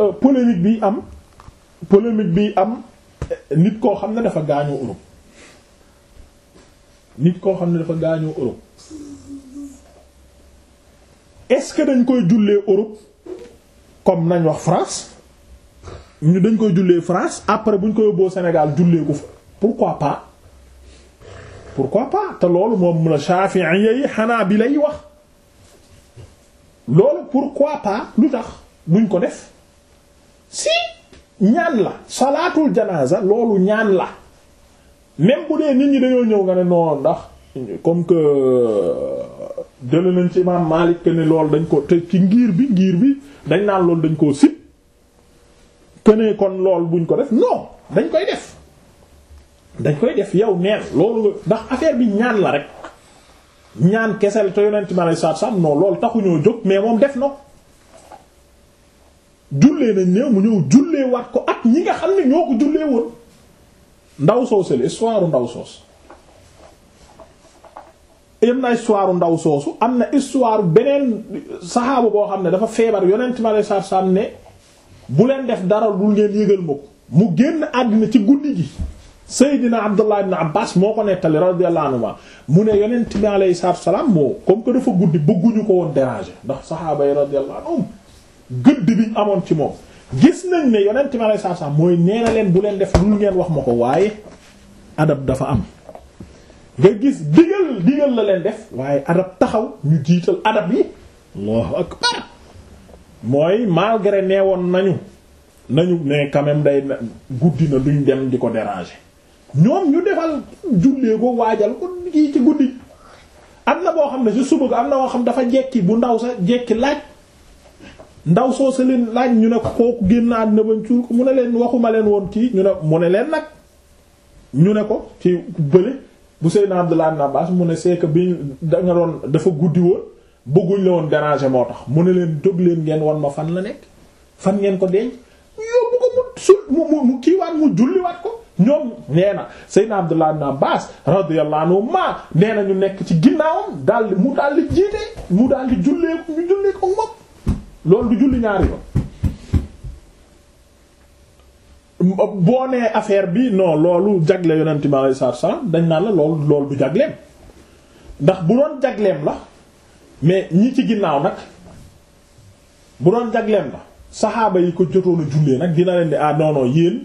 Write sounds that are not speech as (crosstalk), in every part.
Euh, polémique bi am polémique bi am euh, nit koo xam ne dafa gaañoo Europe nit koo xam ne dafa gaañoo Europe est-ce que dañ koy jullee Europe comme nañ wax France ñu dañ koy jullee France après bu ñu ko yóbboo Sénégal jullee ko fa pourquoi pas pourquoi pas te loolu moom la Shafi'iyya xanaa bi lay wax loolu pourquoi pas lu tax duñ ko def si ñaan la salaatul janaza loolu ñaan la même bu dee nit ñi dañoo ñëw nga ne non ndax comme que euh, jëlee nañ ci imaam Maalik ne loolu dañ ko te ci ngiir bi ngir bi dañ naan lool dañ koo sib que kon lool buñ ko def non dañ koy def dañ koy def yow neen loolu ndax affaire bi ñaan la rek ñaan kesel te yonent ma lay saat sam non loolu taxuñoo jóg mais moom def na jullee nañ néew mu ñëw jullee waat ko at ñi nga xam ne ñoo ko jullee woon ndaw soosu la histoire ndaw soosu am na histoire ndaw soosu am na histoire beneen saxaabu boo xam ne dafa feebar yonent ma lay sar sam bu leen def dara dul ngeen yëgal ma ko mu génn àddina ci guddi gi Seydina Abdullah ibn Abbas moo ko nettali radiyallahu anhu mu ne yonent bi alayhi salaam moo comme que dafa guddi bëgguñu ko woon déranger ndax saxaaba yi radiyallahu anhum gëdd biñ amoon ci moom gis nañ ne yonent ma lay saa mooy nee na leen bu leen def lu ngeen wax ma ko waaye adab dafa am nga gis digal digal la leen def waaye adab taxaw ñu jiital adab yi allahu akbar mooy malgré nee woon nañu nañu ne quand même day guddi na duñ dem di ko déranger ñoom ñu defal jullee ko waajal ko kii ci guddi am na boo xam ne si suba am na boo xam dafa jekki bu ndaw sa jekki laaj ndaw soo sa leen laaj ñu ne kooku génn àddina bañ cuur ko mu ne leen waxuma leen woon kii ñu ne mu ne leen nag ñu ne ko ci bële bu Seydina Abdullah ibn Abbas mu ne c'est bi danga dafa guddi woon bëgguñ la moo tax mu ne leen jóg leen ngeen wan ma fan la nekk fan ngeen ko denc yóbbu ko mu sul mu mu kiiwaat mu julliwaat ko ñoom nee na Seydina Abdullah ibn Abbas radiyallahu anhu ma na ñu nekk ci ginnaawam daal mu daal di mu daal di ñu jullee loolu du julli ñaari yoon boo nee affaire bi non loolu jagle yonent bi alayhi salaatu salaam dañ naan la loolu loolu du jagleem ndax bu doon jagleem la mais ñi ci ginnaaw nag bu doon jagleem la saxaaba yi ko jotoon a jullee nag dina leen di ah non yéen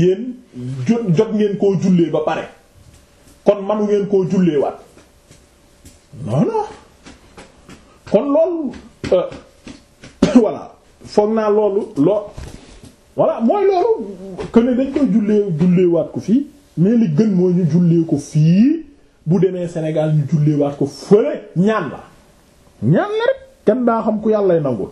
yéen jot jot ngeen koo jullee ba pare kon manu ngeen koo jullee waat non kon loolu. Euh, (laughs) voilà foog naa loolu loo voilà mooy loolu que ne dañ koy jullee julleewaat ko fii mais li gën mooy ñu jullee ko fii bu demee senegal ñu julleewaat ko fële ñaan la ñaan la rek kenn daa xam ku yàllay nangul